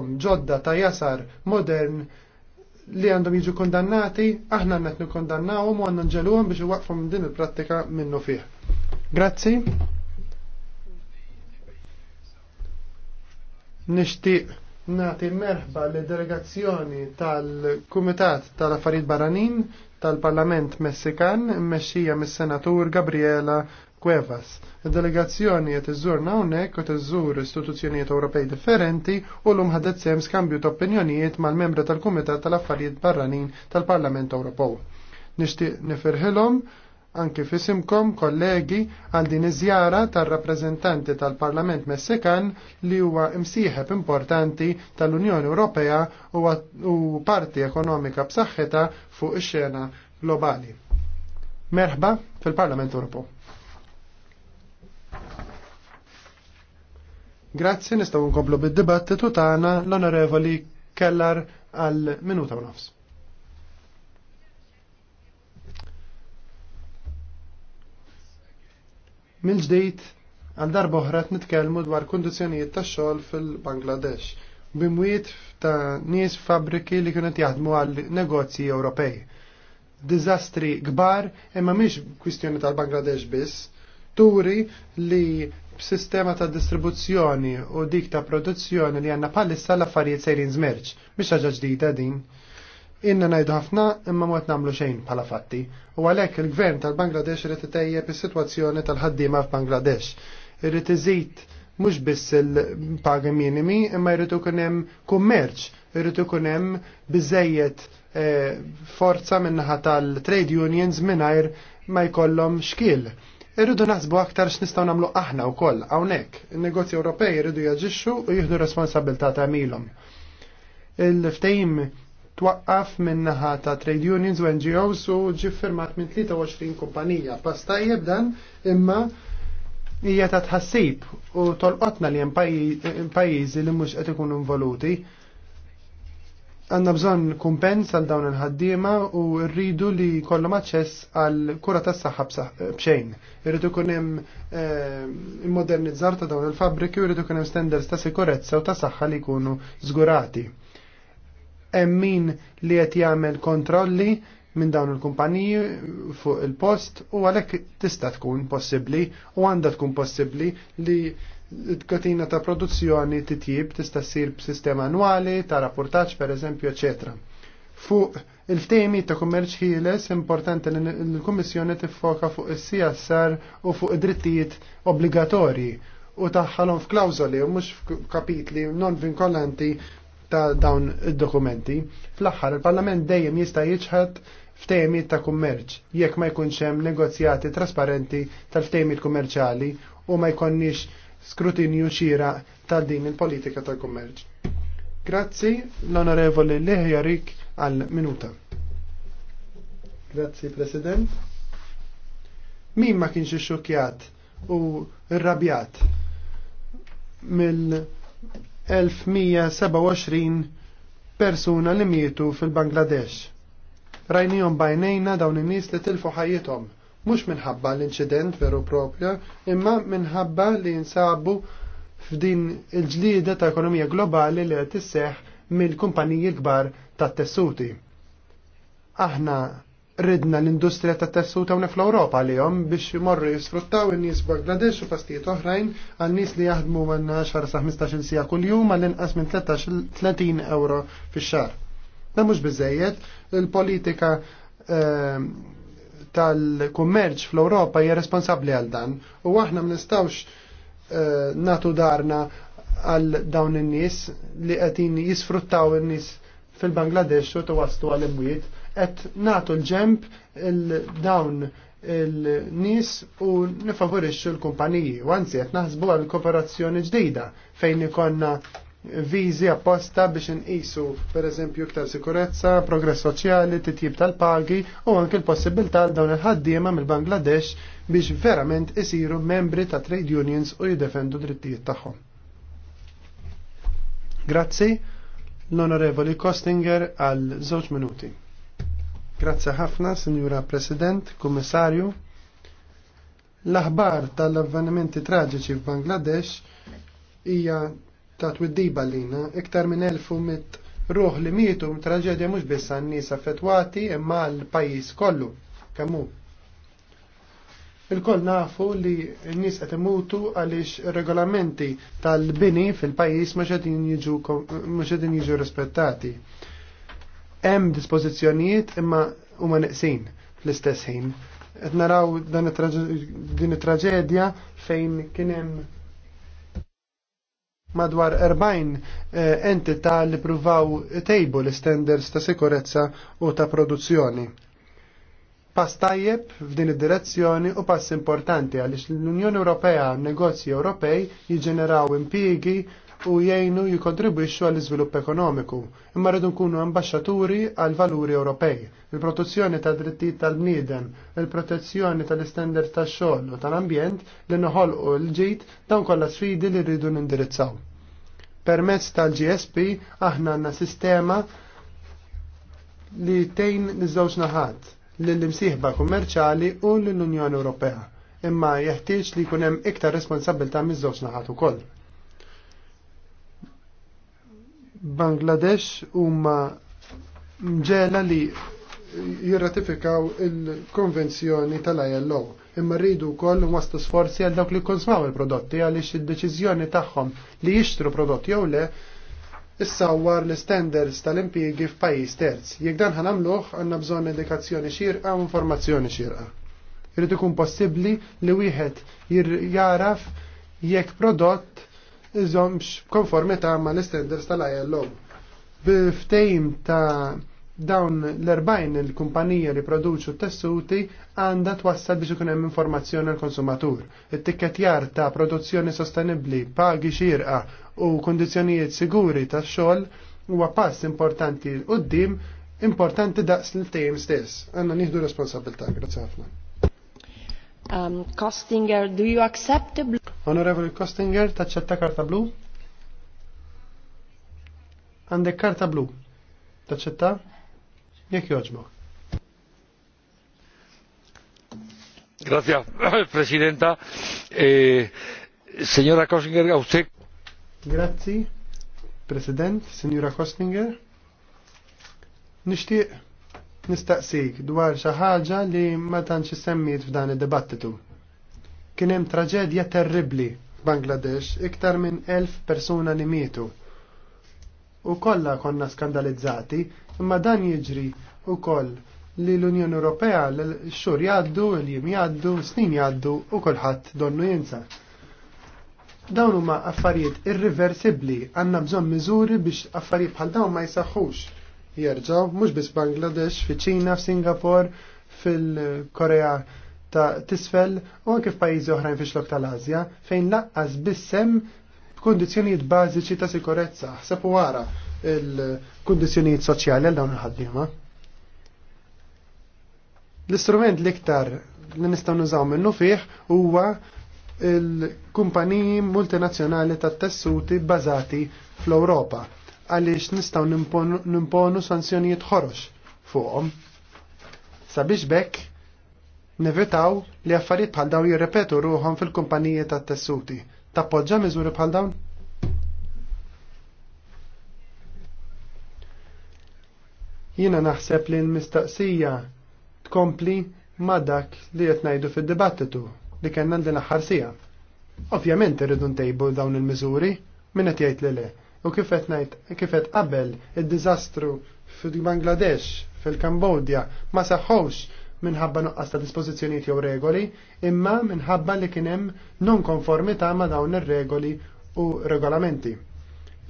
ġodda ta' jasar modern li għandhom jiġu kondannati, aħna għannet nikondannawhom u għandna nġeluhom biex iwaqfu minn din il-prattika minnu fih. Grazzi. Nixtieq nagħti merħba li delegazzjoni tal-Kumitat tal-Affarijiet Barranin tal-Parlament Messikan mmexxija mis-Senatur Gabriela Cuevas. Id-delegazzjoni qed iżurna hawnhekk u tiżżur istituzzjonijiet Ewropej differenti u lum ħadet sem skambju ta' opinjonijiet mal-membri tal-Kumitat tal-Affarijiet Barranin tal-Parlament Ewropew. Nixtieq nifirħilhom anki fisimkom kollegi għal din iżjara tar-rappreżentanti tal-Parlament Messikan li huwa imsieħeb importanti tal-Unjoni Ewropea u parti ekonomika b'saħħitha fuq ix-xena globali. Merħba fil-Parlament Ewropew. Grazzi nistgħu nkomplu bid-dibattitu tagħna l-Onorevoli Kellar għal minuta u nofs. Mill-ġdejt għal darba oħra nitkellmu dwar kundizzjonijiet tax-xogħol fil-Bangladesh bimwiet ta' nies fabriki li kienet jaħdmu għal negozji Ewropej. Dizastri kbar imma mhix kwistjoni tal-Bangladesh biss, turi li b'sistema ta' distribuzzjoni u dik ta' produzzjoni li għanna palissa l-affarijiet sejrin zmerċ, biex ħaġa ġdida din. Inna najdu ħafna imma mwet namlu xejn bħala fatti. U għalhekk il-gvern tal-Bangladesh rrit itejjeb is-sitwazzjoni tal-ħaddiema f'Bangladesh. Irid iżid mhux biss il-paga minimi imma jrid ikun hemm kummerċ, irrid ikun hemm biżejjed eh, forza minnaħa tal-trade unions mingħajr ma jkollhom xkiel Irridu naħsbu aktar x'nistgħu nagħmlu aħna wkoll hawnhekk. In-negozji Ewropej irridu jaġixxu u jieħdu responsabilità tagħmilhom. Il-ftehim twaqqaf min-naħa ta' trade unions u NGOs u ġi firmat minn 23 kumpanija. tajjeb dan imma hija ta' tħassib u tolqotna li hemm pajjiżi li mhux qed ikunu involuti għanna bżon kumpens għal dawn il-ħaddiema u rridu li kollhom aċċess għal kura tas saħħa bxejn. Irridu kunem hemm eh, immodernizzar ta' dawn il-fabriki u irridu kunem hemm standards ta' sikurezza u ta' saħħa li jkunu żgurati. Hemm min li qed jagħmel kontrolli minn dawn il-kumpaniji fuq il-post u għalhekk tista' tkun possibbli u għandha tkun possibbli li katina ta' produzzjoni titjib tista' ssir b'sistema annwali ta' rapportaġġ pereżempju eċetra. Fuq il-temi ta' kummerċ ħieles importanti li l-Kummissjoni tiffoka fuq is-CSR u fuq id-drittijiet obbligatorji u taħħalhom f'klawżoli u mhux f'kapitli non vinkolanti ta' dawn id-dokumenti. Fl-aħħar il-Parlament dejjem jista' jiġħad f'temi ta' kummerċ, jekk ma jkunx hemm negozjati trasparenti tal l kummerċali u ma jkonniex skrutinju xira tal din il-politika tal-kummerġ. Grazzi l-onorevoli Leħjarik għal minuta. Grazzi, President. Min ma kienx xokjat u rrabjat mill-1127 persuna li mietu fil-Bangladesh. Rajnijom bajnejna dawn in-nies li tilfu ħajjithom mhux minħabba l-inċident veru propja, imma minħabba li jinsabu f'din il-ġlida ta' ekonomija globali li qed isseħħ mill-kumpaniji kbar ta' tessuti. Aħna ridna l-industrija ta' tessuti hawnhekk fl-Ewropa għalihom biex jmorru jisfruttaw in-nies Bangladesh u pastijiet oħrajn għal nies li jaħdmu minn 10 sa 15-il sija kuljum għal inqas minn 30 euro fix xar Da' mhux biżejjed, il-politika ehm, tal-kummerċ fl-Ewropa hija responsabbli għal dan u aħna ma nistgħux uh, natu darna għal dawn in-nies li qed jisfruttaw in-nies fil-Bangladesh u twastu għal imwiet qed natu l-ġemp dawn il-nis u nifavorixxu l-kumpaniji u anzi qed naħsbu għal kooperazzjoni ġdida fejn ikonna viżi apposta biex inqisu pereżempju iktar sikurezza, progress soċjali, titjib tal-pagi u anke l-possibilità għal dawn il-ħaddiema mill-Bangladesh biex verament isiru membri ta' trade unions u jiddefendu drittijiet tagħhom. Grazzi l-Onorevoli Kostinger għal żewġ minuti. Grazzi ħafna, Sinjura President, Kummissarju. L-aħbar tal-avvenimenti traġiċi f'Bangladesh hija ta' twiddiba lina iktar minn mit ruħ li mietu traġedja mhux biss n nies affettwati imma l-pajjiż kollu kemm hu. Il-koll nafu li n-nies qed imutu għaliex regolamenti tal-bini fil-pajjiż mhux qegħdin jiġu rispettati. Hemm dispożizzjonijiet imma huma neqsin fl-istess ħin. Qed naraw din it-traġedja fejn kien hemm madwar 40 eh, entità li pruvaw tejbu l-standards ta' sikurezza u ta' produzzjoni. Pass tajjeb f'din id-direzzjoni u pass importanti għaliex l-Unjoni Ewropea negozji Ewropej jiġġeneraw impjiegi u jgħinu jikontribwixxu għall iżvilupp ekonomiku, imma rridu nkunu ambasċaturi għal valuri Ewropej. Il-protezzjoni ta' drittijiet tal-bniedem, il-protezzjoni tal-istendard tax-xogħol u tal-ambjent li noħolqu l-ġid dawn kollha sfidi li rridu nindirizzaw. Permezz tal-GSP aħna għandna sistema li tejn niż-żewġ naħat lill-imsieħba kummerċali u lill-Unjoni Ewropea imma jeħtieġ li jkun hemm iktar responsabilità miż-żewġ naħat ukoll. Bangladesh huma mġela li jirratifikaw il-konvenzjoni tal-ILO. Imma rridu wkoll wastu sforzi għal dawk li konsmaw il-prodotti għaliex id-deċiżjoni tagħhom li jixtru prodotti jew le issawwar l-standards tal-impjiegi f'pajjiż terz. Jekk dan ħanamluh għandna bżonn edukazzjoni xirqa u informazzjoni xirqa. Irid ikun possibbli li wieħed jaraf jekk prodott iżomx konformita ma l-standards tal-ILO. B'ftejm ta' dawn l erbajn il-kumpanija li produċu tessuti għanda twassal biex ikun hemm informazzjoni għal konsumatur. it jar ta' produzzjoni sostenibbli, pagi xirqa u kondizjonijiet siguri tax-xogħol huwa pass importanti l-qoddim importanti daqs l-tejm stess. Għanna nieħdu responsabilità, grazzi ħafna. Um, Kostinger, do you accept the blue? Honorable Kostinger, taċċetta karta blu? Għandek karta blu. Taċċetta? Jek joġbok. Gracias, Presidenta. Eh, señora Kostinger, a usted. Grazie, President, Signora Kostinger. Nishtiq nistaqsik dwar xi ħaġa li ma tantx semmiet f'dan id-dibattitu. Kien hemm traġedja terribbli Bangladesh iktar minn elf persuna li mietu. U kollha konna skandalizzati, imma dan jiġri ukoll li l-Unjoni Ewropea l-xhur jgħaddu, l-jiem jgħaddu, snin jgħaddu u kulħadd donnu jinsa. Dawn huma affarijiet irriversibbli, għandna bżonn miżuri biex affarijiet bħal dawn ma jsaħħux jerġaw, mhux biss Bangladesh, fiċ-Ċina, f'Singapur, fil-Korea ta' tisfel u anke f'pajjiżi oħrajn fix-lok tal-Asja fejn laqqas bissem kundizzjonijiet bażiċi ta' sikurezza. Ħseb wara il-kundizzjonijiet soċjali għal dawn il-ħaddiema. L-istrument li iktar li nistgħu nużaw minnu fih huwa il-kumpaniji multinazzjonali tat-tessuti bbażati fl-Ewropa għaliex nistgħu nimponu sanzjonijiet ħorox fuqhom. Sabiex bekk nevitaw li affarijiet bħal dawn jirrepetu ruhom fil-kumpaniji tat-tessuti. Tappoġġa miżuri bħal dawn? Jiena naħseb li l-mistaqsija tkompli ma' dak li qed ngħidu fid-dibattitu li kena din aħħar sija. Ovvjament irridu ntejbu dawn il-miżuri min qed jgħid li le. U kifet najt, kifet qabel il-dizastru fil-Bangladesh, fil-Kambodja, ma saħħux minħabba nuqqas ta' dispożizzjonijiet jew regoli, imma minħabba li kien hemm non konformità ma' dawn ir-regoli u regolamenti.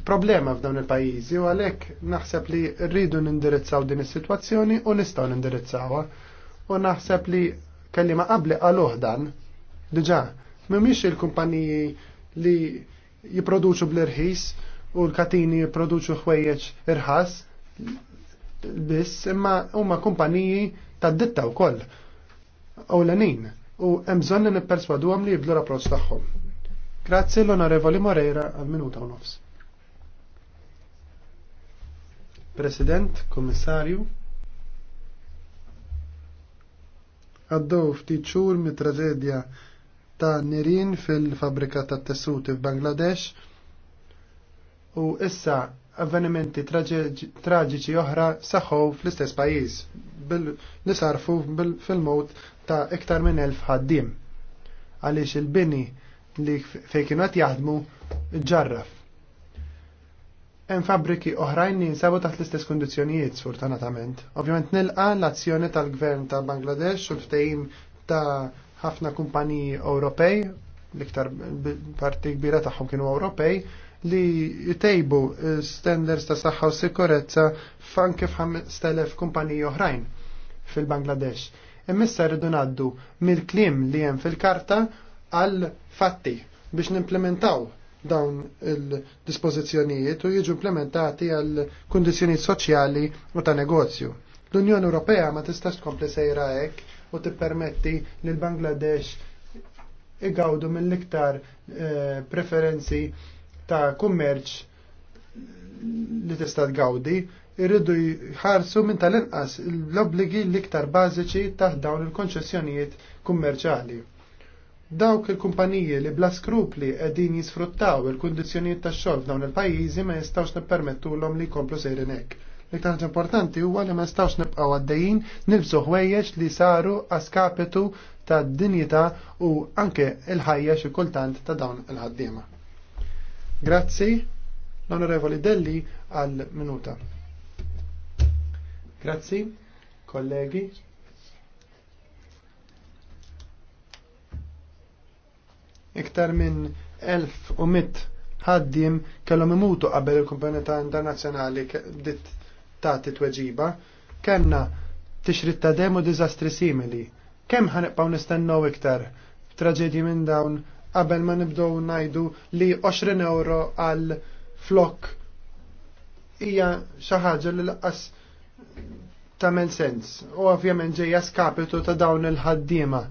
Problema f'dawn il-pajjiżi u għalhekk naħseb li rridu nindirizzaw din is-sitwazzjoni u nistgħu nindirizzawha. U naħseb li ma qabli qaluh dan, diġà, mhumiex il-kumpaniji li jipproduċu bl-irħis, u l-katini jiproduċu ħwejjeġ irħas biss imma huma kumpaniji ta' ditta wkoll koll. u U emżon li nipperswaduhom li jibdlu l-approċċ tagħhom. Grazzi l-Onorevoli Moreira għal minuta u nofs. President, komissarju, għaddew ftit xhur mit-traġedja ta' nirin fil-fabrika tat tessuti f'Bangladesh u issa avvenimenti traġiċi oħra saħħu fl-istess pajjiż li sarfu fil-mod ta' iktar minn elf ħaddim għaliex il-bini li fejn kienu qed jaħdmu ġarraf. Hemm fabbriki oħrajn li jinsabu taħt l-istess kundizzjonijiet sfortunatament. Ovvjament nilqa l-azzjoni tal-Gvern ta' Bangladesh u l-ftehim ta' ħafna kumpaniji Ewropej, l-iktar parti kbira tagħhom kienu Ewropej, li jtejbu standards ta' saħħa u sikurezza fan kif stelef kumpaniji oħrajn fil-Bangladesh. Immissa rridu ngħaddu mill-klim li hemm fil-karta għal fatti biex nimplementaw dawn il-dispożizzjonijiet u jiġu implementati għal kundizzjonijiet soċjali u ta' negozju. L-Unjoni Ewropea ma tistax tkompli sejra hekk u tippermetti l Bangladesh igawdu mill-iktar eh, preferenzi ta' kummerċ li tista' tgawdi irridu jħarsu minn tal-inqas l-obbligi l-iktar bażiċi taħt dawn il-konċessjonijiet kummerċali. Dawk il-kumpaniji li bla skrupli qegħdin jisfruttaw il-kundizzjonijiet tax-xogħol f'dawn il-pajjiżi ma jistgħux nippermettulhom li jkomplu sejrin hekk. L-iktar ħaġa importanti huwa li ma jistgħux nibqgħu għaddejjin nilbsu ħwejjeġ li saru għaskapitu tad-dinjità u anke l ħajja xi kultant ta' dawn il-ħaddiema. Grazzi, l-Onorevoli Delli għal minuta. Grazzi, kollegi. Iktar minn 1100 ħaddim kellhom imutu qabel il-kumpanità internazzjonali dit tagħti tweġiba. Kenna tixrid ta' demu diżastri simili. Kemm ħanibqgħu nistennew iktar traġedji minn dawn qabel ma nibdow najdu li 20 euro għal flok hija xi ħaġa li laqqas tagħmel sens u ovvjament ġejja skapitu ta' dawn il-ħaddiema.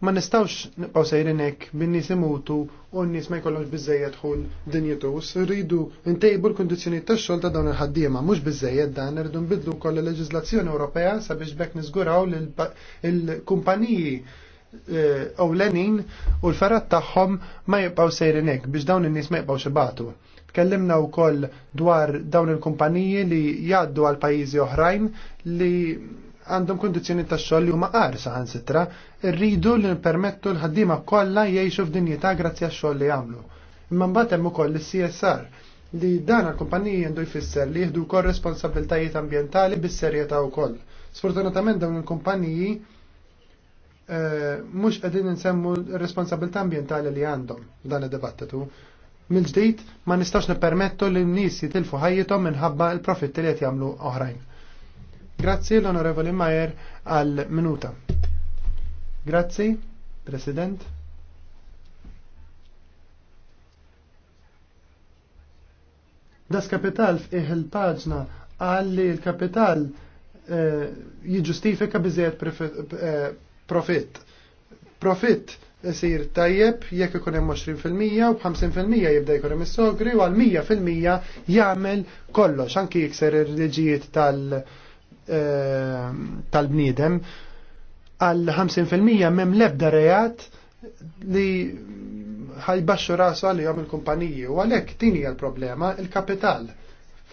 Ma nistawx nibqgħu sejrin hekk bin-nies imutu u n-nies ma jkollhomx biżejjed ħul dinjitus, rridu ntejbu l-kundizzjonijiet tax-xogħol ta' dawn il-ħaddiema mhux biżejjed dan irridu nbidlu wkoll il-leġiżlazzjoni Ewropea sabiex bekk niżguraw l-kumpaniji Eh, ewlenin u l-ferrat tagħhom ma jibqgħu sejrinek biex dawn in-nies ma jibqgħux xibatu. Tkellimna wkoll dwar dawn il-kumpaniji li jgħaddu għal pajjiżi oħrajn li għandhom kondizjoni ta' xogħol li huma qarsa ħansitra, Rridu li nippermettu l ħaddima kollha jgħixu f'dinjità grazzi għax-xogħol li jagħmlu. Imma mbagħad hemm ukoll is-CSR li dan għall-kumpaniji għandu jfisser li jieħdu wkoll responsabiltajiet ambjentali bis-serjetà wkoll. Sfortunatament dawn il-kumpaniji Eh, mhux qegħdin insemmu r-responsabilità ambjentali li għandhom dan id debattatu Mill-ġdid ma nistax nippermettu li n-nies jitilfu ħajjithom minħabba l-profitti li qed jagħmlu oħrajn. Grazzi l-Onorevoli Majer għal minuta. Grazzi, President. Das kapital fiħ il-paġna għalli l-kapital eh, jiġustifika biżejjed eh, profitt. Profitt isir tajjeb jekk ikun hemm 20% u b'50% jibda jkun hemm is-sogri u għal 100% jagħmel kollox anki jikser ir-liġijiet tal- eh, tal-bniedem għal 50% mem lebda rejat li ħajbaxxu rasu għalihom il-kumpaniji u għalhekk din hija l-problema il-kapital.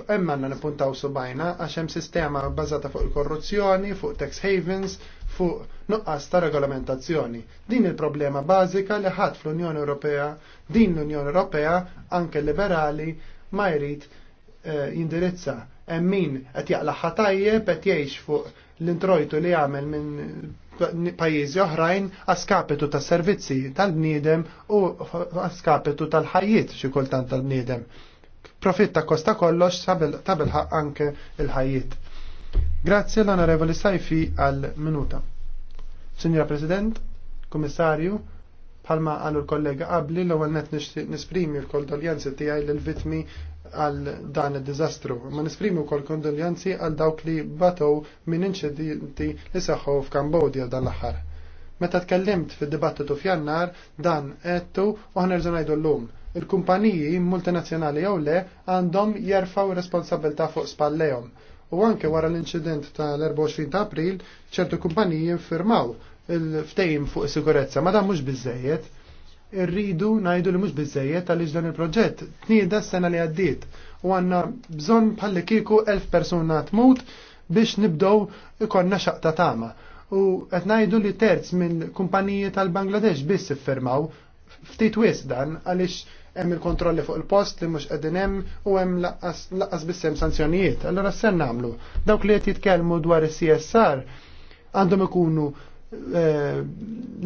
Emman għanna nipuntaw subajna għax hemm sistema bbażata fuq il-korruzzjoni, fuq tax havens, fuq nuqqas ta' regolamentazzjoni. Din il-problema bażika li ħadd fl-Unjoni Ewropea, din l-Unjoni Ewropea anke liberali ma jrid eh, jindirizza. Hemm min qed jaqlaħħa tajjeb qed jgħix fuq l-introjtu li jagħmel minn pajjiżi oħrajn għaskapitu tas servizzi tal-bniedem u għaskapitu tal-ħajjiet xi kultant tal-bniedem. Profitta kosta kollox tabel anke il-ħajjiet. Grazie l Saifi Sajfi għal minuta. Signora President, Commissario, palma għallu l-kollega qabli l-ewwel net nisprimi l-kondoljanzi tiegħi lill-vitmi għal dan id-dizastru. Ma nisprimi kol kondoljanzi għal dawk li batow minn inċidenti li saħħu f'Kambodja dan l-aħħar. Meta tkellimt fid-dibattitu f'jannar, dan għettu u ħanerġu ngħidu llum. Il-kumpaniji multinazzjonali jew le għandhom jerfaw responsabilta fuq spallejom. U anke wara l-inċident tal-24 ta' april, ċertu kumpaniji firmaw il-ftejim fuq is-sigurezza, ma dan mhux bizzejiet. Irridu ngħidu li mhux biżejjed għaliex dan il-proġett tnieda s-sena li għaddiet u għandna bżonn bħalli kieku elf persuna tmut biex nibdow ikonna xaqta tama. U qed ngħidu li terz minn kumpaniji tal-Bangladesh biss iffirmaw ftit wis dan għaliex hemm il-kontrolli fuq il-post li mhux qegħdin hemm u hemm laqqas bissem sanzjonijiet. Allora se nagħmlu. Dawk li qed jitkellmu dwar is-CSR għandhom ikunu eh,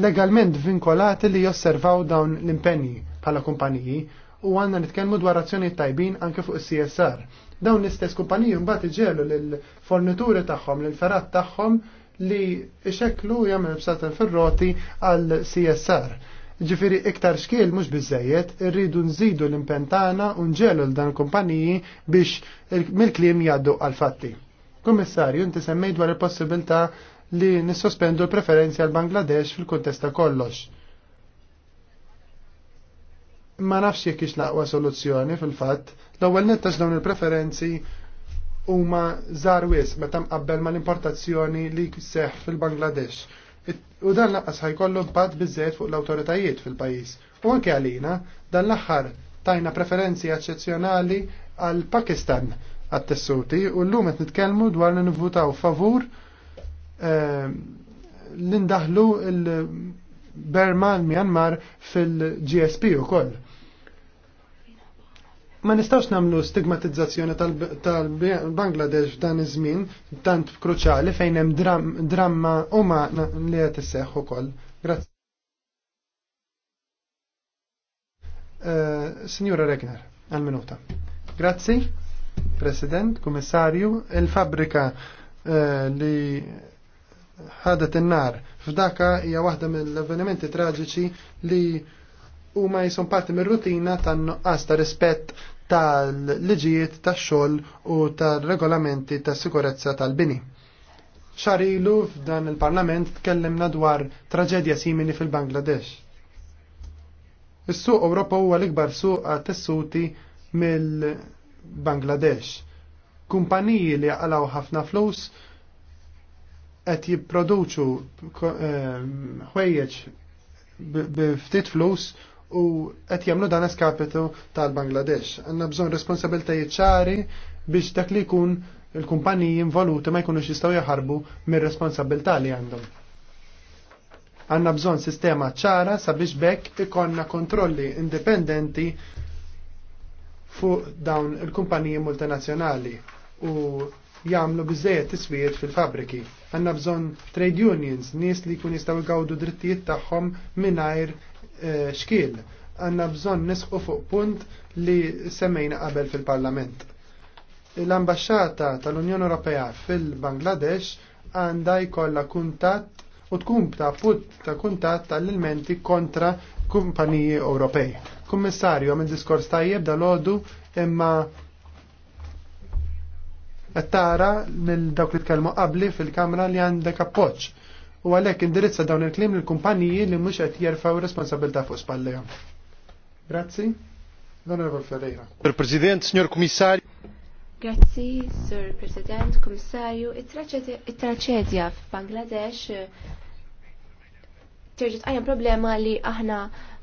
legalment vinkolati li josservaw dawn l-impenji bħala kumpaniji u għandna nitkellmu dwar azzjonijiet tajbin anke fuq is-CSR. Dawn l-istess kumpaniji mbagħad iġelu lill-fornituri tagħhom, lill-ferat tagħhom li ixeklu jagħmel bsatan fir-roti għal CSR Ġifiri iktar xkiel mhux bizzejiet, irridu nżidu l-impentana u nġelu l-dan kumpaniji biex mill-kliem jaddu għal-fatti. Kummissarju, inti semmejt dwar il-possibilità li nissospendu l-preferenzi għal Bangladesh fil-kuntesta kollox. Ma nafx jekk ix laqwa soluzzjoni fil-fatt, l-ewwel nittax dawn il-preferenzi huma żgħar wis meta ma mal-importazzjoni li seħħ fil-Bangladesh U dan laqqas ħajkollu impatt biżżejjed fuq l-awtoritajiet fil-pajjiż. U anke għalina dan l-aħħar tajna preferenzi eċċezzjonali għal Pakistan għat-tessuti u llum qed nitkellmu dwar li nivvutaw favur ehm, l-indaħlu il-Berma l-Myanmar fil-GSP u koll. Ma nistax namlu stigmatizzazzjoni tal-Bangladesh dan iż-żmien tant kruċali fejn hemm dramma huma li qed isseħħ ukoll. Grazzi. Eh, Signora Regner, għal minuta. Grazzi, President, Kummissarju, il-fabrika eh, li ħadet in-nar f'daka hija waħda mill-avvenimenti traġiċi li huma jisum parti mir-rutina tan-nuqqas ta' rispett tal-liġijiet tax-xogħol u tal-regolamenti tas-sikurezza tal-bini. Xarilu f'dan il-Parlament tkellimna dwar traġedja simili fil-Bangladesh. Is-suq Ewropa huwa l-ikbar suq tessuti mill-Bangladesh. Kumpaniji li għalaw ħafna flus qed jipproduċu eh, ħwejjeġ b'ftit flus u qed jagħmlu dan eskapitu tal-Bangladesh. Għandna bżonn responsabiltajiet ċari biex dak li jkun il-kumpaniji involuti ma jkunux jistgħu jaħarbu mir-responsabilità li għandhom. Għandna bżonn sistema ċara sabiex bekk ikonna kontrolli indipendenti fuq dawn il-kumpaniji multinazzjonali u jagħmlu biżejjed tiswijiet fil-fabriki. Għandna bżonn trade unions, nies li jkun jistgħu jgawdu drittijiet tagħhom mingħajr Eh, xkiel. Għanna bżon nisqu fuq punt li semmejna qabel fil-Parlament. L-ambasċata tal-Unjoni Ewropea fil-Bangladesh għandha jkollha kuntatt u tkun ta' put ta' kuntatt tal-ilmenti kontra kumpaniji Ewropej. Kummissarju, għamil diskors tajjeb dal-ħodu imma għattara mill dawk li tkellmu qabli fil-kamra li għandek appoċ u għalhekk indirizza dawn il-kliem l kumpaniji li mhux qed jerfgħu responsabilità fuq spallija. Grazzi. L-Onorevole Ferreira. Sir President, Signor Kummissarju. Grazzi, Sir President, Kummissarju. It-traċedja f'Bangladesh eh, terġa' tqajjem problema li aħna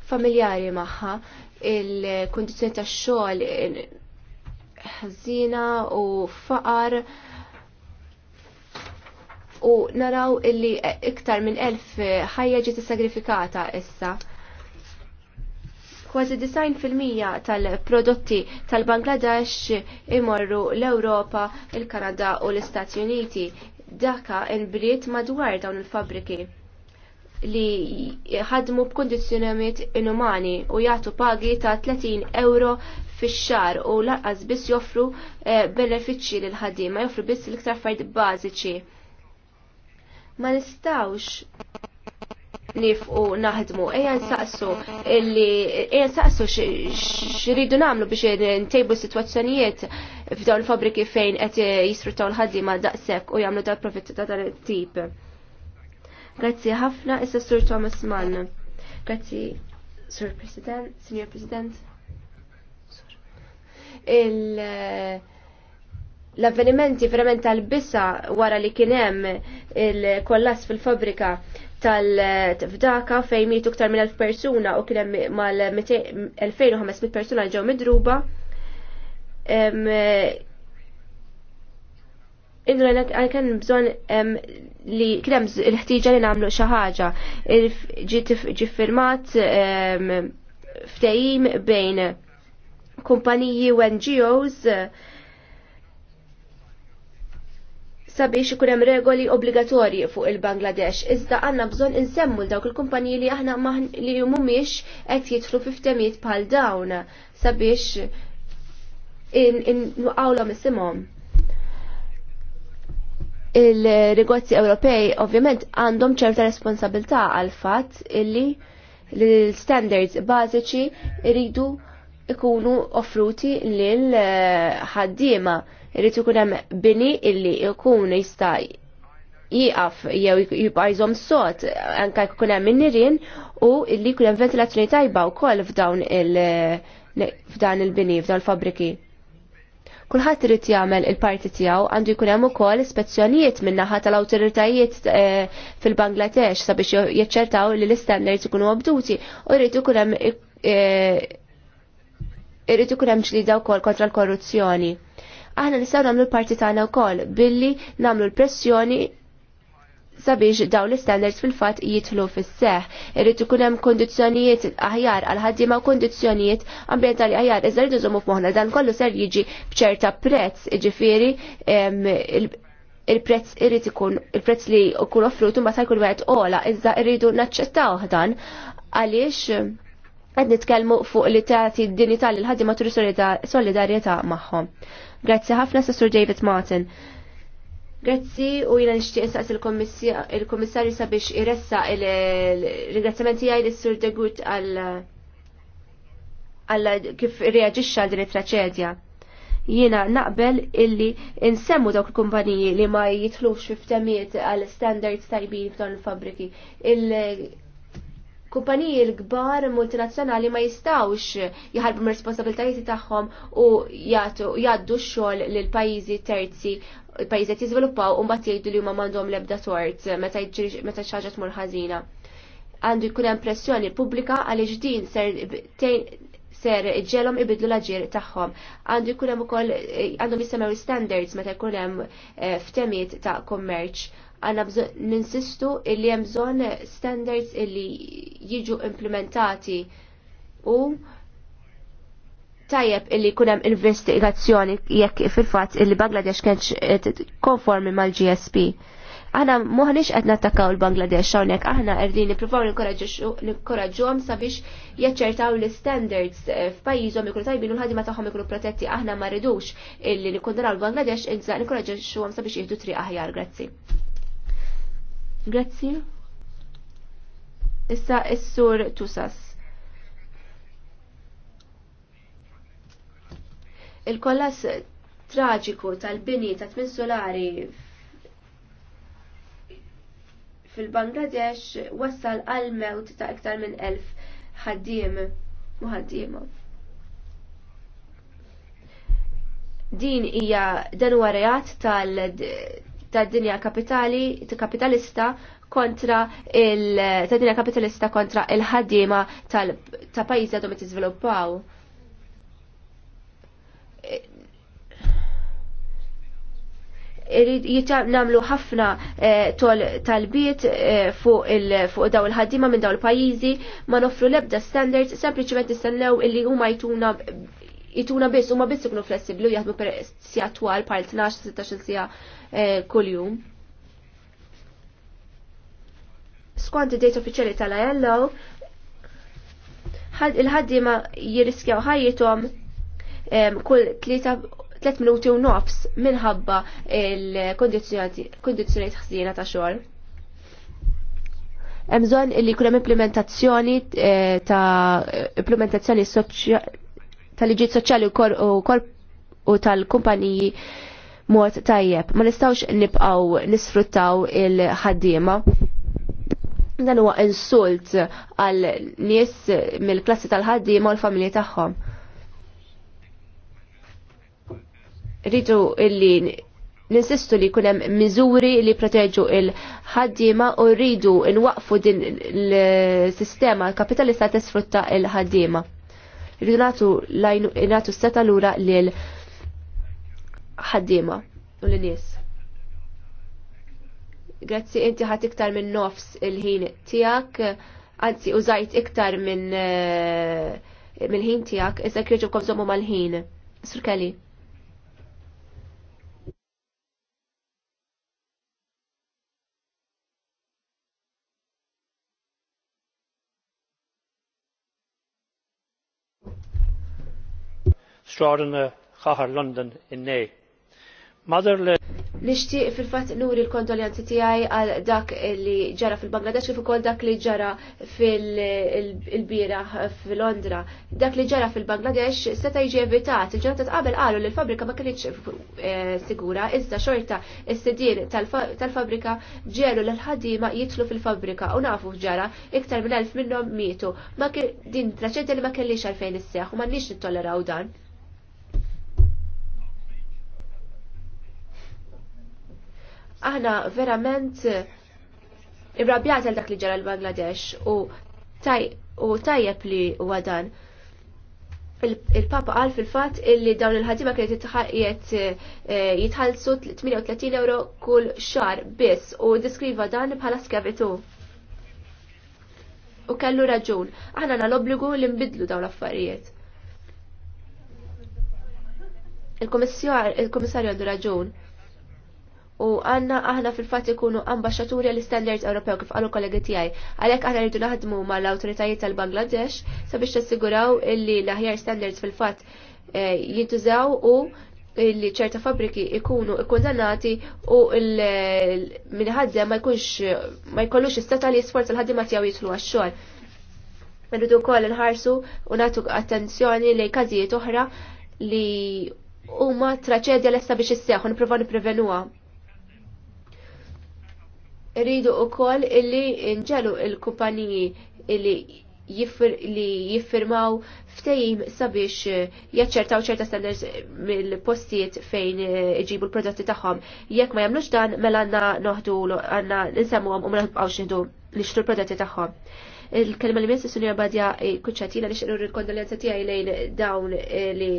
familjari magħha il kondizjoni tax-xogħol eh, ħażina u faqar u naraw illi iktar minn elf eh, ħajja ġiet sagrifikata issa. Kważi design fil-mija tal-prodotti tal-Bangladesh imorru l-Ewropa, il-Kanada u l-Istati Uniti. Daka inbriet madwar dawn il-fabriki li ħadmu b'kondizjonament inumani u jagħtu pagi ta' 30 euro fix-xar u lanqas biss joffru eh, benefiċċji lil ħaddiema joffru biss l-iktar fajt bażiċi ma nistawx nifqu naħdmu, eja nsaqsu illi eja nsaqsu x'ridu nagħmlu biex ntejbu situazzjonijiet f'dawn il-fabriki fejn qed jisfruttaw l ma daqshekk u jagħmlu dal profitt ta' dan it-tip. Grazzi ħafna, issa Sur Thomas Mann. Grazzi, Sur President, Senior President. Il- uh, l-avvenimenti verament tal bissa wara li hemm il-kollas fil-fabrika tal-fdaka fej mietu ktar minn 1000 persuna u kien hemm mal-2500 persuna li ġew midruba. Indra għal kien bżon li kien hemm il-ħtiġa li nagħmlu xi ħaġa. Ġi firmat ftehim bejn kumpaniji u NGOs sabiex ikun hemm regoli obbligatorji fuq il-Bangladesh. Iżda għandna bżonn insemmu dawk il-kumpaniji li aħna li mhumiex qed jidħlu fiftemijiet bħal dawn sabiex nuqgħulhom isimhom. Il-rigozzi Ewropej ovvjament għandhom ċerta responsabilità għal fatt illi l-standards bażiċi iridu ikunu offruti lil ħaddiema. Uh, Irrid ikun hemm bini illi jkun jista' jiqaf jew jibqa' jżomm sot anke jkun hemm in-nirien u illi jkun hemm ventilazzjoni tajba wkoll f'dawn il f'dan il-bini, f'dawn il-fabriki. Kulħadd irid jagħmel il-parti tiegħu għandu jkun hemm ukoll ispezzjonijiet min-naħa tal-awtoritajiet eh, fil-Bangladesh sabiex jaċċertaw li l-istandards ikunu mabduti u jrid ikun hemm eh, irid ikun hemm ġlida wkoll kontra l-korruzzjoni aħna nistgħu nagħmlu l-parti tagħna wkoll billi nagħmlu l-pressjoni sabiex dawn l-standards fil-fatt jitlu fis-seħ. Irrid ikun hemm kondizzjonijiet aħjar għal ħaddiema u kondizzjonijiet ambjentali aħjar. Iżda rridu żommu f'moħħna dan kollu ser jiġi b'ċerta prezz, jiġifieri il-prezz irrid ikun il-prezz li jkun offrut ma jkun wieħed ola, iżda rridu naċċettaw dan għaliex qed nitkellmu fuq li tagħti d-dinità lil ħaddiema turi solidarjetà magħhom. Grazzi ħafna Sassur David Martin. Grazzi u jina nishtiq saqs il-komissarju sabiex iressa il ringrazzamenti għaj l-Sur Degut għal kif reagisċa għal din it-traċedja. Jina naqbel illi insemmu dawk il-kumpaniji li ma jitlux fi ftemiet għal standards tajbin f'dan il-fabriki kumpaniji l-kbar multinazzjonali ma jistawx jħarbu mir-responsabiltajiet tagħhom u jgħaddu x-xogħol lil pajjiżi terzi pajjiżet jiżviluppaw u mbagħad jgħidu li huma m'għandhom l-ebda tort meta jiġri meta xi ħaġa tmur ħażina. Għandu jkun hemm pressjoni pubblika għaliex din ser ser ġelom ibidlu l-aġir tagħhom. Għandu jkunem u ukoll eh, għandu jisemaw standards meta jkun eh, ftemiet ta' kummerċ. Għandna ninsistu illi hemm bżonn standards illi jiġu implementati u tajjeb illi kunem investigazzjoni jekk fil-fatt illi Bangladesh kienx eh, konformi mal-GSP. Aħna moħniex qed nattakaw l-Bangladesh hawnhekk aħna qegħdin nippruvaw għom sabiex jaċċertaw l-standards eh, f'pajjiżhom ikunu tajbin u l-ħadima tagħhom ikunu protetti aħna ma rridux illi nikkundanraw l-Bangladesh iżda għom sabiex jieħdu tri aħjar. Grazzi. Grazzi. Issa is-sur Tusas. il-kollas traġiku tal-bini ta' tmin solari fil-Bangladesh wassal għal mewt ta' iktar minn elf ħaddiem u ħaddiema. Din hija dan huwa reat tad-dinja kapitali kapitalista kontra il tad-dinja kapitalista kontra il-ħaddiema tal ta' pajjiżi għadhom jtiżviluppaw. namlu ħafna eh, tol talbiet eh, fuq daw il-ħaddima minn daw il-pajizi ma nofru lebda standards sempliciment nistennew illi huma jtuna jituna biss huma biss ikunu flessibbli u jaħdmu per sija twal par 12-16 sija kuljum. Skont id-dejt uffiċjali tal-ILO, il-ħaddiema jirriskjaw ħajjithom eh, kull 3 minuti u nofs minħabba il-kondizjoniet ħsiena ta' xogħol. Hemm bżonn li jkun hemm implementazzjoni eh, ta' implementazzjoni tal-liġijiet soċjali u tal-kumpaniji mod tajjeb. Ma nistgħux nibqgħu nisfruttaw il-ħaddiema dan huwa insult għal nies mill-klassi tal-ħaddiema u l-familji tagħhom. rridu illi ninsistu li kunem miżuri li proteġu il-ħaddiema u rridu nwaqfu din l-sistema kapitalista tisfrutta il-ħaddiema. Rridu natu, natu seta lura l ħaddiema u l-nies. Grazzi inti ħat iktar minn nofs il-ħin tijak, għanzi użajt iktar minn eh, il ħin tijak, issa kieġu kobżomu mal-ħin. Sur Kelly. stradanna chathair London inné. Nixtieq fil-fatt nuri l-kondoljanzi tiegħi għal dak li ġara fil-Bangladesh kif ukoll dak li ġara fil-bira fil-Londra. Dak li ġara fil-Bangladesh seta' jiġi evitat. Il-ġurnata qabel qalu li l-fabrika ma kienx eh, sigura, iżda xorta s sidien tal-fabrika ġelu l ħadima jitlu fil-fabrika u nafu ġara iktar minn elf minnhom mietu. Ma din traċedja li ma kellix għalfejn isseħħ u ma nix nittoleraw dan. Aħna verament irrabjat għal dak li ġara l-Bangladesh u tajjeb li huwa dan. Il-Papa qal fil-fatt illi dawn il-ħadima kienet eh, jitħallsu 38 euro kull xar biss u diskriva dan bħala skavitu. U kellu raġun, aħna l-obligu li nbidlu dawn l-affarijiet. Il-Komissarju għandu raġun u għanna aħna fil-fat ikunu ambasċaturi għall standards Ewropew kif għallu kollegi tiegħi. Għalhekk aħna rridu naħdmu mal-awtoritajiet tal-Bangladesh sabiex t-siguraw illi l-aħjar standards fil-fatt eh, jintużaw u li ċerta fabriki ikunu ikkondannati u il-minħadze ma jkunx ma jkollux istata li jisforza l-ħaddima tiegħu jitlu għax-xogħol. kol wkoll nħarsu u nagħtu attenzjoni lejn każijiet oħra li huma traċedja lesta biex isseħħu nipprova nipprevenuha rridu wkoll illi nġelu il-kumpaniji illi li jiffirmaw ftejim sabiex eh, jaċċertaw ċerta standards mill-postijiet fejn eh, iġibu l-prodotti tagħhom. Jekk ma jagħmlux dan mela għandna noħdu għandna nsemmuhom u ma mela nħobqgħux nieħdu nixtru l-prodotti tagħhom. Il-kelma li minn Sunja Badja eh, kuċċatina li xirru l kondolenza tiegħi lejn dawn li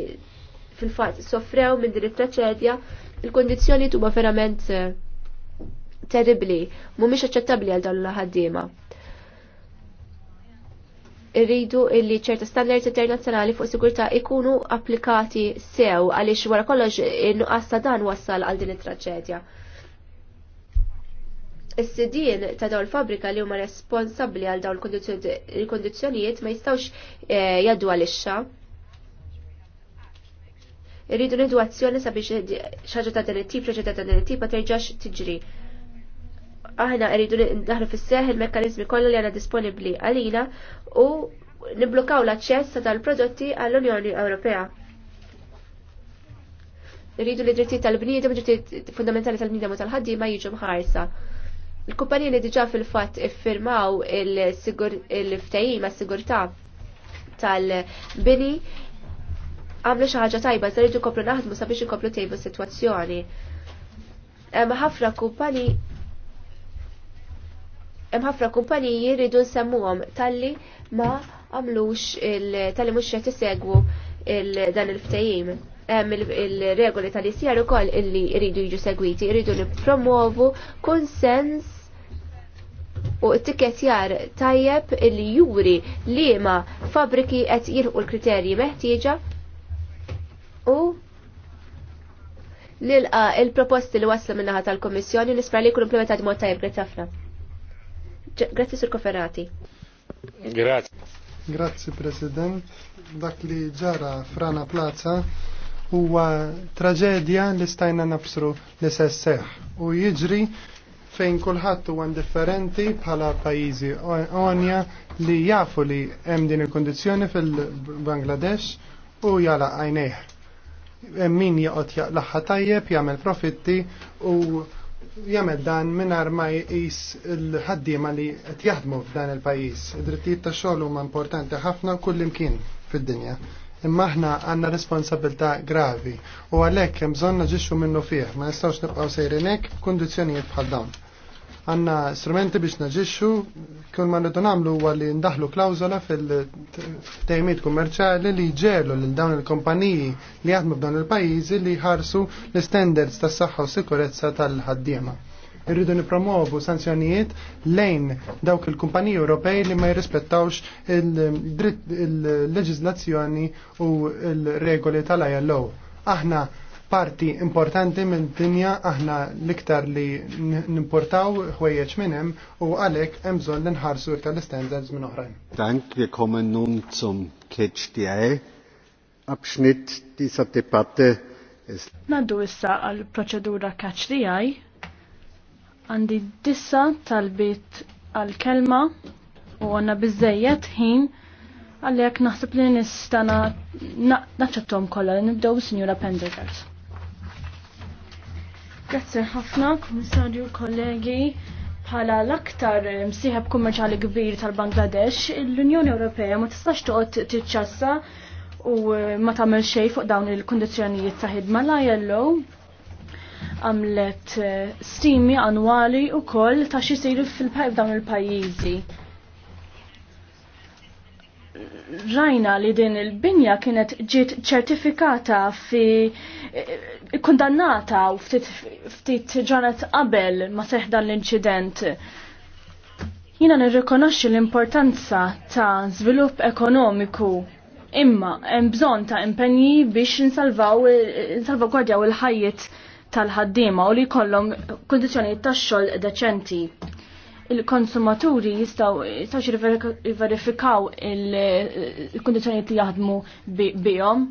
fil-fatt soffrew minn din it-traċedja, il-kondizzjoni tuba verament terribli, mhumiex aċċettabbli għal dawn l-ħaddiema. Irridu illi ċerta standards internazzjonali fuq sigurtà ikunu applikati sew għaliex wara kollox in-nuqqas dan wassal għal din it-traċedja. Is-sidien ta' dawn il-fabrika li huma responsabbli għal dawn il-kondizzjonijiet ma jistgħux eh, jaddu għalixxa irridu nidu azzjoni sabiex xaġa ta' dan it-tip, xaġa ta' din it-tip ma terġax tiġri aħna rridu naħlu fis-seħ il-mekkanizmi kollha li għandna disponibbli għalina u nibblukkaw l-aċċess tal-prodotti għall-Unjoni Ewropea. Rridu li drittijiet tal-bniedem, drittijiet fundamentali tal-bniedem u tal-ħaddiema jiġu mħarsa. Il-kumpanija li diġà fil-fatt iffirmaw il-ftajim għas-sigurtà tal-bini għamlu xi ħaġa tajba, żda rridu koplu naħdmu sabiex ikoplu tejbu s-sitwazzjoni. Hemm ħafna kumpani hemm ħafna kumpaniji jridu nsemmuhom talli ma għamlux talli mhux qed isegwu dan il-ftehim. Hemm il-regoli tal-isjar ukoll illi jridu jiġu segwiti, jridu nippromovu konsens u t-tikketjar tajjeb illi juri li ma fabriki qed jirħu l-kriterji meħtieġa u nilqa il-proposti li waslu minnaħa tal kummissjoni nispera li jkunu implementati mod tajjeb grazzi ħafna. Grazzi Sur Koferati. Grazzi. Grazie, President. Dak li ġara Frana Plaza huwa traġedja li stajna nafsru li sesseħ u jiġri fejn kulħadd huwa differenti bħala pajjiżi onja li jafu li hemm din il-kondizzjoni fil-Bangladesh u jala għajnejh. Min joqgħod jaqlaħħa tajjeb, jagħmel profitti u jamed dan mingħajr ma jqis il-ħaddiema li qed jaħdmu f'dan il-pajjiż. Id-drittijiet tax-xogħol huma importanti ħafna kull imkien fid-dinja. Imma aħna għandna responsabilità gravi u għalhekk hemm bżonn naġixxu minnu fih, ma nistgħux nibqgħu sejrin hekk f'kundizzjonijiet bħal dawn għanna strumenti biex naġixxu, kull ma rridu nagħmlu huwa li ndaħlu klawzola fil-tejmiet kummerċali li jġelu lil dawn il-kumpaniji li għadmu b'dan il-pajjiżi li jħarsu l-standards tas-saħħa u sikurezza tal-ħaddiema. Irridu nipromovu sanzjonijiet lejn dawk il-kumpaniji Ewropej li ma jirrispettawx il-leġiżlazzjoni u l regoli tal-ILO. Aħna parti importanti minn dinja aħna l-iktar li nimportaw ħwejjeġ minn hemm u għalhekk hemm bżonn li nħarsu iktar l-standards minn oħrajn. Dank, li kommen nun zum Catch DI. Abschnitt dieser Debatte ist. Naddu issa għal proċedura Catch DI. Għandi dissa talbit għal kelma u għanna bizzejiet ħin għalli naħseb li nistana kollha kolla, nibdew Signora Pendergast. Grazzi ħafna, komissarju, kollegi. Bħala l-aktar msieħeb kummerċali kbir tal-Bangladesh, l-Unjoni Ewropea ma tistax toqgħod tiċċassa u eh, ma tagħmel xejn fuq dawn il-kundizzjonijiet ta' ħidma la jellow għamlet eh, stimi annwali u koll ta' xisiru fil-pajb dawn il-pajjiżi rajna li din il-binja kienet ġiet ċertifikata fi eh, kondannata u ftit ġranet qabel ma seħ dan l-inċident. Jina nirrikonoxxi l-importanza ta' żvilupp ekonomiku imma hemm bżonn ta' impenji biex nsalvaw insalvagwardjaw eh, il-ħajjiet tal-ħaddiema u li jkollhom kundizzjonijiet tax-xogħol deċenti il-konsumaturi jistaw jistaw verifikaw il-kondizjoni li jaħdmu bihom.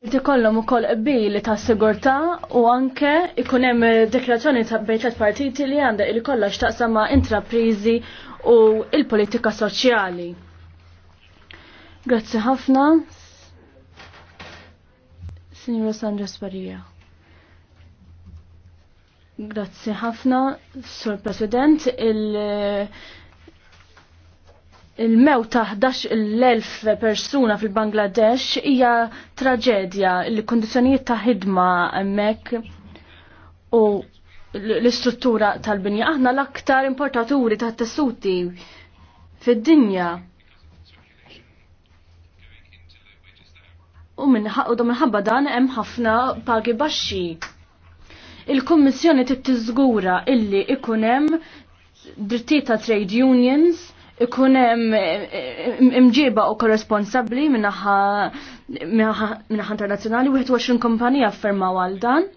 Irti kollom u koll bil ta' sigurta u anke ikunem deklarazzjoni ta' bejtet partiti li għanda il kolla xtaqsam ma' intraprizi u il-politika soċjali. Grazzi ħafna. Signora Sandra Sparija. Grazzi ħafna, Sur President. Il- il-mew ta' 11.000 persuna fil-Bangladesh hija traġedja, il-kondizjonijiet ta' ħidma hemmhekk u l-istruttura tal-binja. Aħna l-aktar importaturi ta' tessuti fid-dinja. U minħabba dan hemm ħafna pagi baxxi. Il-Kummissjoni trid tiżgura illi ikun hemm ta' trade unions ikun hemm eh, eh, imġiba u korresponsabli minnaħa internazjonali, internazzjonali 21 kumpanija affermaw għal dan.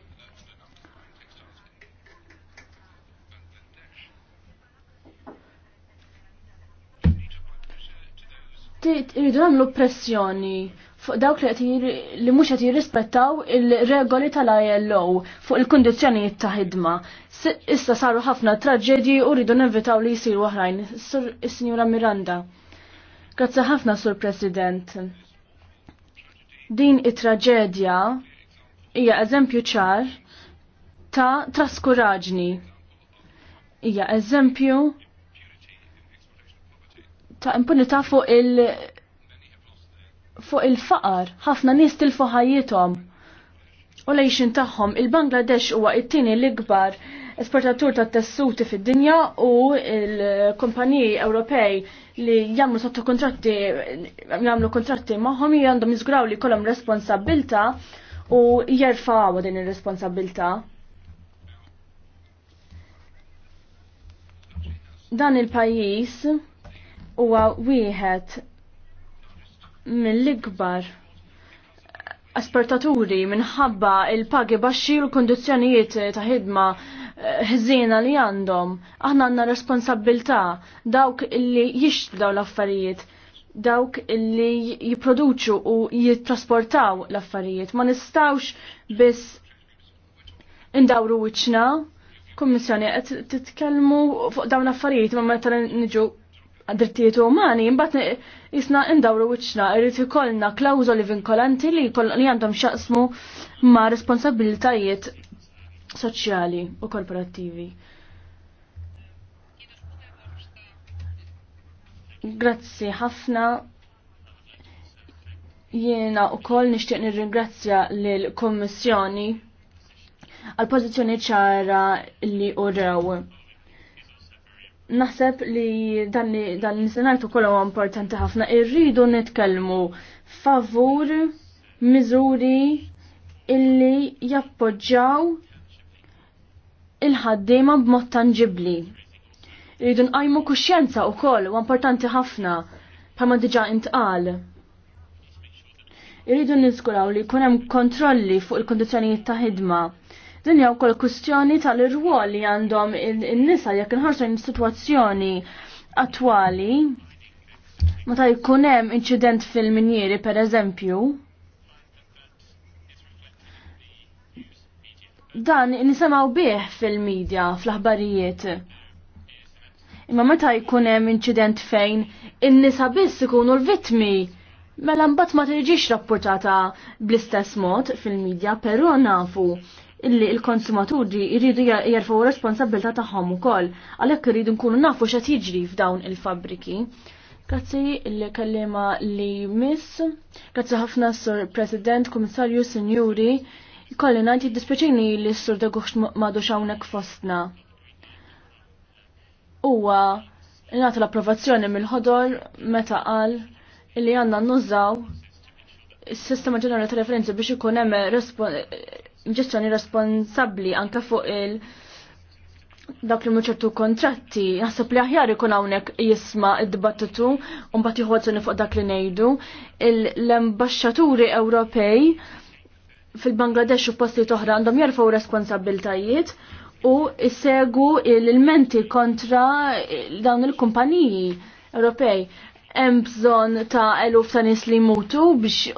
Irridu nagħmlu pressjoni fuq dawk li li mhux qed jirrispettaw il-regoli tal-ILO fuq il-kundizzjonijiet ta' ħidma. Issa saru ħafna traġedji u rridu nevitaw li jsiru oħrajn. Is-Sinjura Miranda. Grazzi ħafna sur President. Din it-traġedja hija eżempju ċar ta' traskuraġni. Hija eżempju ta' impunità fuq il- fuq il-faqar, ħafna nies tilfu ħajjithom. U lejxin tagħhom il-Bangladesh huwa it-tieni l-ikbar esportatur ta' tessuti fid-dinja u l-kumpaniji Ewropej li jagħmlu sotto kontratti jagħmlu kontratti magħhom għandhom jiżguraw li kollhom responsabilta u jerfaw din ir-responsabilta. Dan il-pajjiż huwa wieħed mill-ikbar esportaturi minħabba il-pagi baxxi u l-kondizjonijiet ta' ħidma eh, ħżiena li għandhom. Aħna għandna responsabilità dawk illi jixtru daw l-affarijiet, dawk illi jipproduċu u jittrasportaw l-affarijiet. Ma nistawx biss indawru wiċċna, kommissjoni qed titkellmu fuq dawn l-affarijiet ma meta niġu drittijiet umani, imbat jisna indawru wiċċna irid ikollna klawżoli vinkolanti li li għandhom xaqsmu ma' responsabilitajiet soċjali u korporattivi. Grazzi ħafna jiena u koll nishtiq nirringrazzja l-Kommissjoni għal pożizzjoni ċara li u naħseb li dan l-insenajtu kollu importanti ħafna. Irridu nitkellmu favur miżuri illi jappoġġaw il-ħaddiema b'mod tangibli. Irridu nqajmu kuxjenza wkoll u importanti ħafna bħalma diġa' intqal. Irridu niskuraw li jkun hemm kontrolli fuq il-kondizzjonijiet ta' ħidma Din hija wkoll kwistjoni tal-irwol li għandhom in-nisa jekk inħarsu situazzjoni attwali meta jkun hemm inċident fil-minjieri pereżempju. Dan nisimgħu bih fil-medja fl-aħbarijiet. Imma meta jkun hemm inċident fejn in-nisa biss ikunu l-vittmi. Mela mbagħad ma tiġix rappurtata bl-istess mod fil-medja, però nafu illi il-konsumaturi jridu jarfu responsabilta taħħom u koll, għalek jridu nkunu nafu xa tiġri f'dawn il-fabriki. Grazzi il-kallima li miss, grazzi ħafna sur President, Komissarju, Senjuri, kolli nanti dispeċini li s sur deguxt madu xawnek fostna. Uwa, nata l-approvazzjoni mill-ħodor meta qal illi għanna nużaw s-sistema ġenerali ta' referenzi biex ikun hemm ġestjoni responsabbli anke fuq il- dak li muċertu kontratti, naħseb li aħjar ikun hawnhekk jisma' id-dibattitu u mbagħad jieħu fuq dak li ngħidu. l ambasċaturi Ewropej fil-Bangladesh u posti toħra għandhom jarfgħu responsabiltajiet u jsegu l-menti kontra dawn il-kumpaniji Ewropej. Hemm bżonn ta' eluf ta' nies li jmutu biex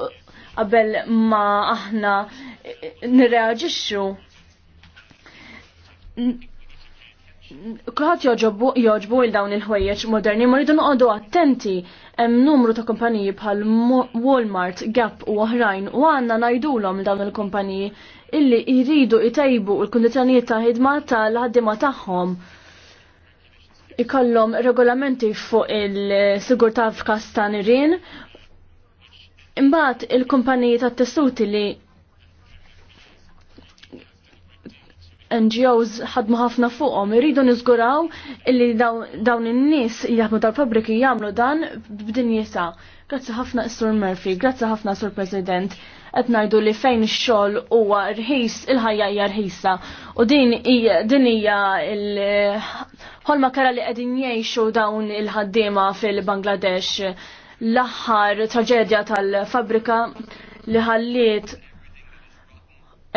qabel ma aħna nirreaġixxu Kulħat joġbu il-dawn il-ħwejjeġ moderni, ma rridu noqogħdu attenti hemm numru ta' kumpaniji bħal Walmart, Gap u oħrajn u għandna ngħidulhom dawn il-kumpaniji illi jridu jtejbu l-kundizzjonijiet ta' ħidma tal-ħaddiema tagħhom ikollhom regolamenti fuq il-sigurtà f'kas ta' nirien Imbagħad il-kumpaniji tat-tessuti li NGOs ħadmu ħafna fuqhom iridu niżguraw illi dawn in-nies jaħdmu tal-pubbliki jagħmlu dan b'dinjità. Grazzi ħafna Sur Murphy, grazzi ħafna Sur President. Qed ngħidu li fejn ix-xogħol huwa rħis il-ħajja hija rħisa. U din hija din hija l ħolma kara li qegħdin jgħixu dawn il-ħaddiema fil-Bangladesh l-aħħar traġedja tal-fabrika li ħalliet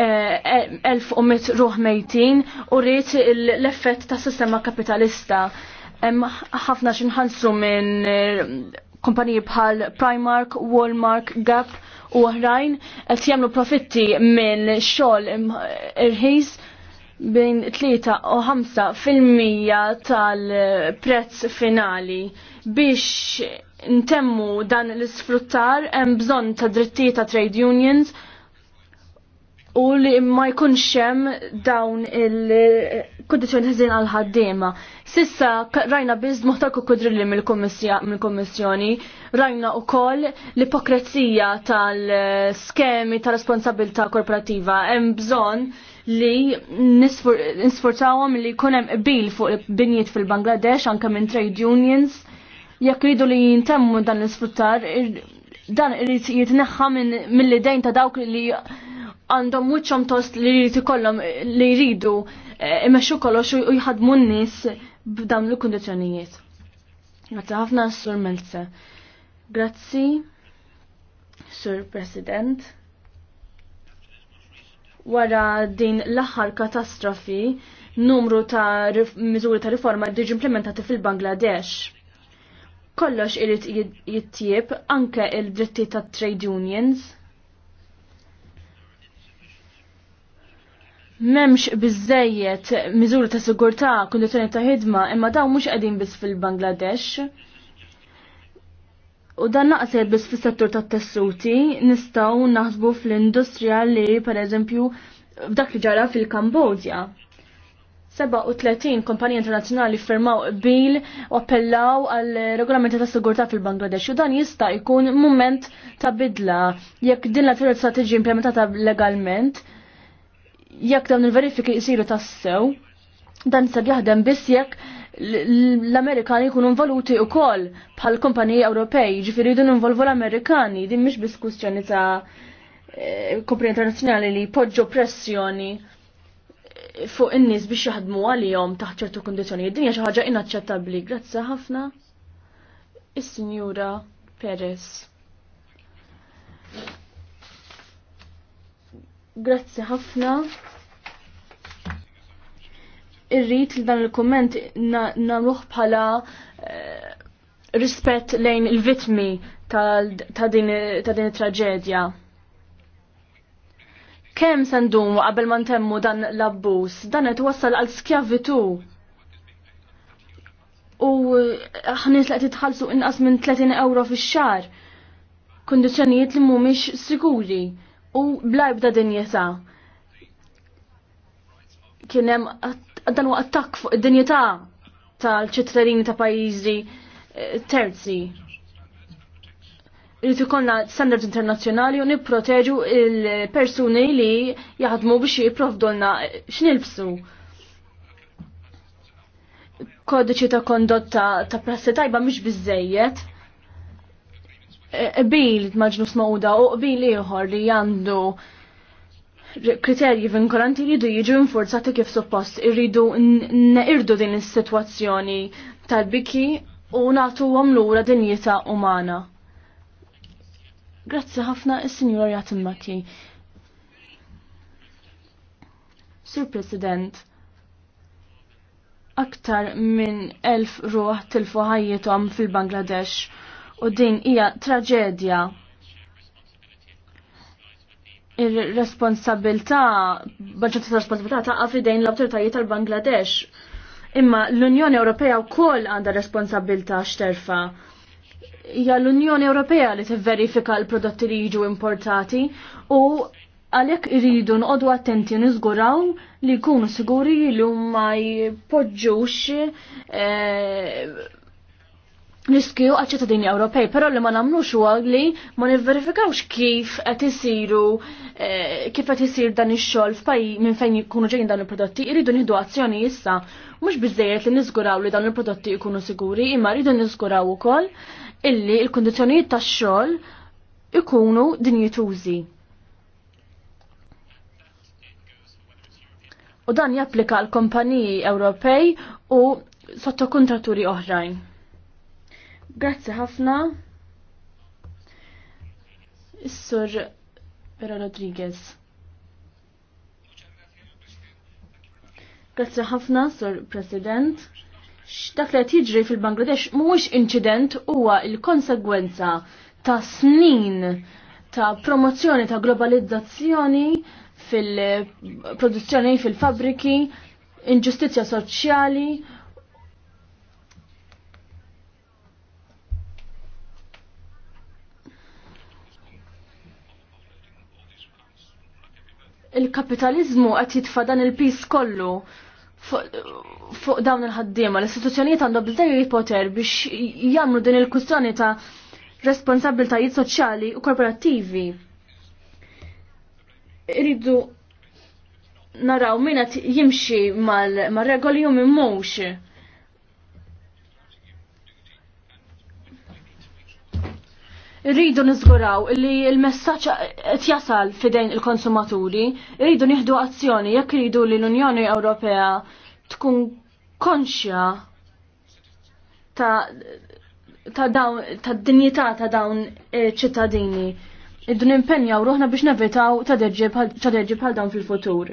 1100 eh, eh, ruħ mejtin u rrit l-effett ta' sistema kapitalista. ħafna xinħansu minn eh, kompaniji bħal Primark, Walmart, Gap u oħrajn qed jagħmlu profitti minn xogħol irħis bejn 3 u 5 fil-mija tal-prezz finali biex ntemmu dan l-isfruttar hemm bżonn ta' drittijiet ta' trade unions u li ma jkunx hemm dawn il-kundizzjoni ħażin għal ħaddiema. Sissa rajna biss ku kudrilli mill-Kummissjoni, rajna wkoll l-ipokrezija tal-skemi ta' responsabilità korporattiva. Hemm bżonn li nisfurtawhom li jkun hemm fuq binjiet fil-Bangladesh anke minn trade unions jekk rridu li jintemmu dan l-isfruttar, dan irrid jitneħħa mill dejn ta' dawk li għandhom wiċċhom tost li jrid ikollhom li jridu eh, imexxu kollox u jħadmu n-nies b'dawn il-kundizzjonijiet. Grazzi ħafna Sur Melze. Grazzi, Sur President. Wara din l-aħħar katastrofi, numru ta' miżuri ta' riforma ġiġi implementati fil-Bangladesh kollox irid jittieb anke il-dritti ta' trade unions. Memx bizzejiet miżuri ta' sigurtà, kundizzjoni ta' ħidma, imma daw mhux qegħdin biss fil-Bangladesh. U dan naqsel biss fis-settur tat-tessuti, nistgħu naħsbu fl-industrija li pereżempju f'dak li ġara fil-Kambodja. 37 kompanija internazzjonali firmaw bil u appellaw għal regolamenti ta' sigurtà fil-Bangladesh u dan jista' jkun moment ta' bidla jekk din l-attività tiġi implementata legalment jekk dawn il-verifiki jsiru tassew dan se jaħdem biss jekk l-Amerikani jkunu involuti wkoll bħal kumpaniji Ewropej, ġifieri jidun involvu l-Amerikani, din mhix biss kwistjoni ta' eh, kompanija internazzjonali li poġġu pressjoni fuq in-nies biex jaħdmu għalihom taħt ċertu kundizzjonijiet. Dinja xi ħaġa inaċċettabbli. Grazzi ħafna. Is-Sinjura Perez. Grazzi ħafna. Irrid li dan il kumment nagħmluh bħala eh, rispett lejn il-vitmi ta' din it-traġedja. Kemm s'endum għabel qabel ma dan l-abbuż, dan qed wassal għal skjavitu. U eh, ħnies li qed inqas minn 30 euro fix-xar. Kondizjonijiet li mhumiex sikuri u da din Kien hemm dan huwa attakk fuq id-dinjetà tal-ċittadini ta' pajjiżi eh, terzi. Irrid ikollna standards internazzjonali u nipproteġu il-persuni li jaħdmu biex jipprovdolna x'nilbsu. Kodiċi ta' kondotta ta' prassi tajba mhux biżejjed. E, e, bil maġnus smawda u qbil ieħor li għandu kriterji vinkolanti li jridu jiġu infurzati kif suppost, irridu neqirdu din is-sitwazzjoni tal-biki u nagħtuhom lura dinjità umana. Grazzi ħafna is Jatin Maki. Sir President, aktar minn elf ruħ tilfu ħajjithom fil-Bangladesh u din hija traġedja. Ir-responsabilità, baġġet responsabilità ta' għafidejn l-awtoritajiet tal-Bangladesh. Imma l-Unjoni Ewropea wkoll għandha responsabilità xterfa' hija l-Unjoni Ewropea li tivverifika l-prodotti li jiġu importati u għalhekk iridu nqodu attenti niżguraw li jkunu siguri li ma jpoġġux eh, riskju għal ċittadini Ewropej, però li ma nagħmlux huwa li ma nivverifikawx kif qed isiru eh, kif qed isir dan ix-xogħol f'pajji minn fejn jkunu ġejjin dawn il-prodotti, iridu nieħdu azzjoni issa mhux biżejjed li niżguraw li dawn il-prodotti jkunu siguri, imma rridu niżguraw ukoll illi il-kondizjonijiet tax-xogħol ikunu dinjitużi. U dan japplika għal kompaniji Ewropej u sottokontraturi oħrajn. Grazzi ħafna. Is-Sur Vera Rodriguez. Grazzi ħafna, Sur President x'dak li qed jiġri fil-Bangladesh mhuwiex incident huwa l-konsegwenza ta' snin ta' promozzjoni ta' globalizzazzjoni fil-produzzjoni fil-fabriki, inġustizja soċjali, il-kapitalizmu qed jitfa' dan il-pis kollu fuq dawn il-ħaddiema. L-istituzzjonijiet għandhom bżejjed poter biex jagħmlu din il-kwistjoni ta' responsabiltajiet soċjali u korporattivi. Iridu naraw min qed jimxi mal-regoli u minn mux. rridu nizguraw li l-messaġġ qed jasal fidejn il-konsumaturi, rridu nieħdu azzjoni jekk rridu li l-Unjoni Ewropea tkun konxja ta' dawn ta' dinjità ta' dawn ċittadini. Iddu nimpenjaw ruħna biex nevitaw ta' derġi bħal dawn fil-futur.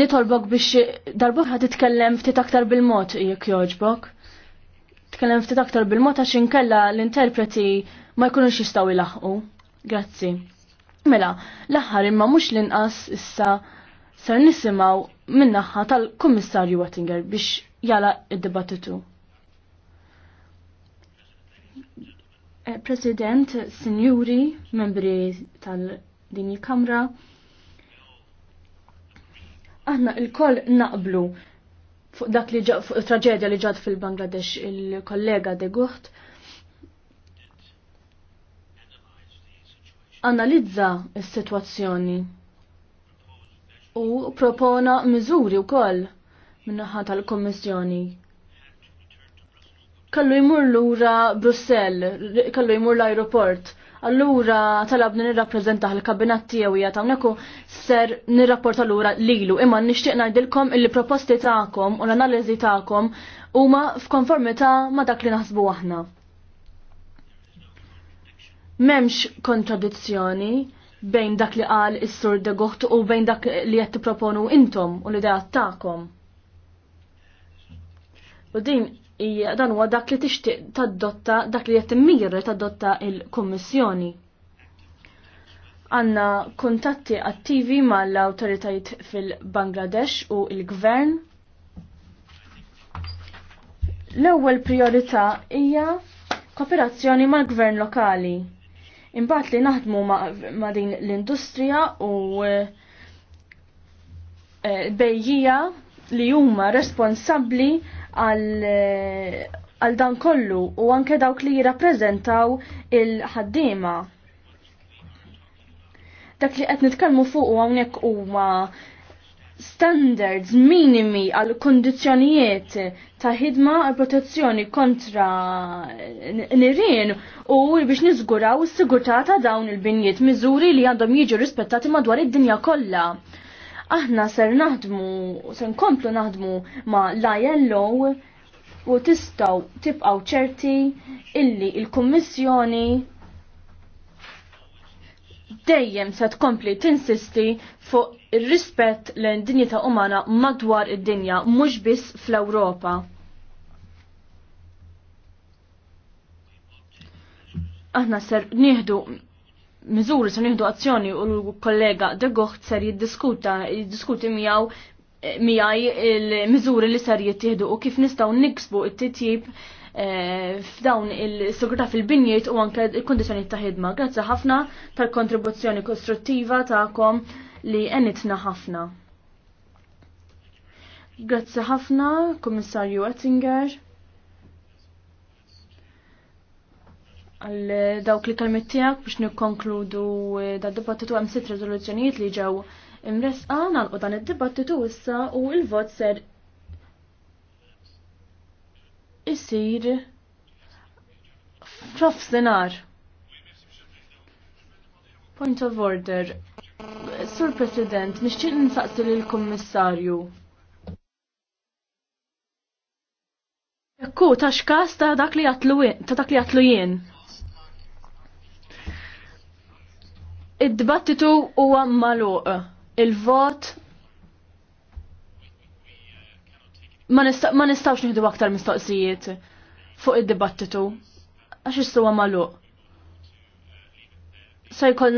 Nitolbok biex darbohra titkellem ftit aktar bil-mod jekk joġbok nitkellem ftit aktar bil-mota inkella l-interpreti ma jkunux jistaw ilaħqu. Grazzi. Mela, l-aħħar imma mhux l-inqas issa sar nisimgħu minnaħħa tal-Kummissarju Wattinger biex jala id-dibattitu. Eh, President, Sinjuri, membri tal-din il-Kamra, aħna il-koll naqblu fuq dak li fuq traġedja li ġad fil-Bangladesh il-kollega de Gucht analizza s-sitwazzjoni u propona miżuri wkoll minnaħat tal-Kommissjoni kallu jmur lura Brussell, kallu jmur l-aeroport Allura talabni nirrappreżentaħ il-kabinat tiegħu hija hawnhekk ser nirrapporta lura lilu imma nixtieq ngħidilkom il proposti tagħkom u l-analiżi tagħkom huma f'konformità ma' dak li naħsbu aħna. M'hemmx kontradizzjoni bejn dak li qal is-sur de Gocht u bejn dak li qed tipproponu intom u l-idea tagħkom. U din hija dan huwa dak li tixtieq tadotta dak li qed immira tadotta il-Kummissjoni. Għanna kontatti attivi mal-awtoritajiet fil-Bangladesh u il-Gvern. L-ewwel priorità hija kooperazzjoni mal-gvern lokali. Imbagħad li naħdmu ma' din l-industrija u eh, bejjija li huma responsabbli għal dan kollu u anke dawk li jirrappreżentaw il-ħaddiema. Dak li qed nitkellmu fuq u hawnhekk huma standards minimi għal kondizjonijiet ta' ħidma għal protezzjoni kontra nirien u biex niżguraw is-sigurtà ta' dawn il-binjiet miżuri li għandhom jiġu rispettati madwar id-dinja kollha aħna ser naħdmu, ser nkomplu naħdmu ma l-ILO u tistaw tibqaw ċerti illi il-Kommissjoni dejjem se tkompli tinsisti fuq ir-rispett l dinjità umana madwar id-dinja mhux biss fl-Ewropa. Aħna ser nieħdu Mizuri se nieħdu azzjoni u l-kollega De ser jiddiskuta, jiddiskuti miegħu eh, miegħi il-miżuri li ser jittieħdu u kif nistgħu niksbu it-titjib eh, f'dawn il-sigurtà fil-binjiet u anke l-kondizjoni ta' ħidma. Grazzi ħafna tal-kontribuzzjoni kostruttiva ta'kom li enitna ħafna. Grazzi ħafna, Komissarju Oettinger. għal dawk li kalmet tiegħek biex nikkonkludu eh, dal dibattitu hemm sitt riżoluzzjonijiet li ġew imresqa u dan id-dibattitu issa u l-vot ser isir senar. Point of order. Sur President, nixtieq nsaqsi lill-Kummissarju. Ekku, ta' xkas ta' dak li jatlu ta' dak li jatlu jien. Id-dibattitu huwa maluq. Il-vot ma nistawx nieħdu aktar mistoqsijiet fuq id-dibattitu għax istuwa maluq. Sajkol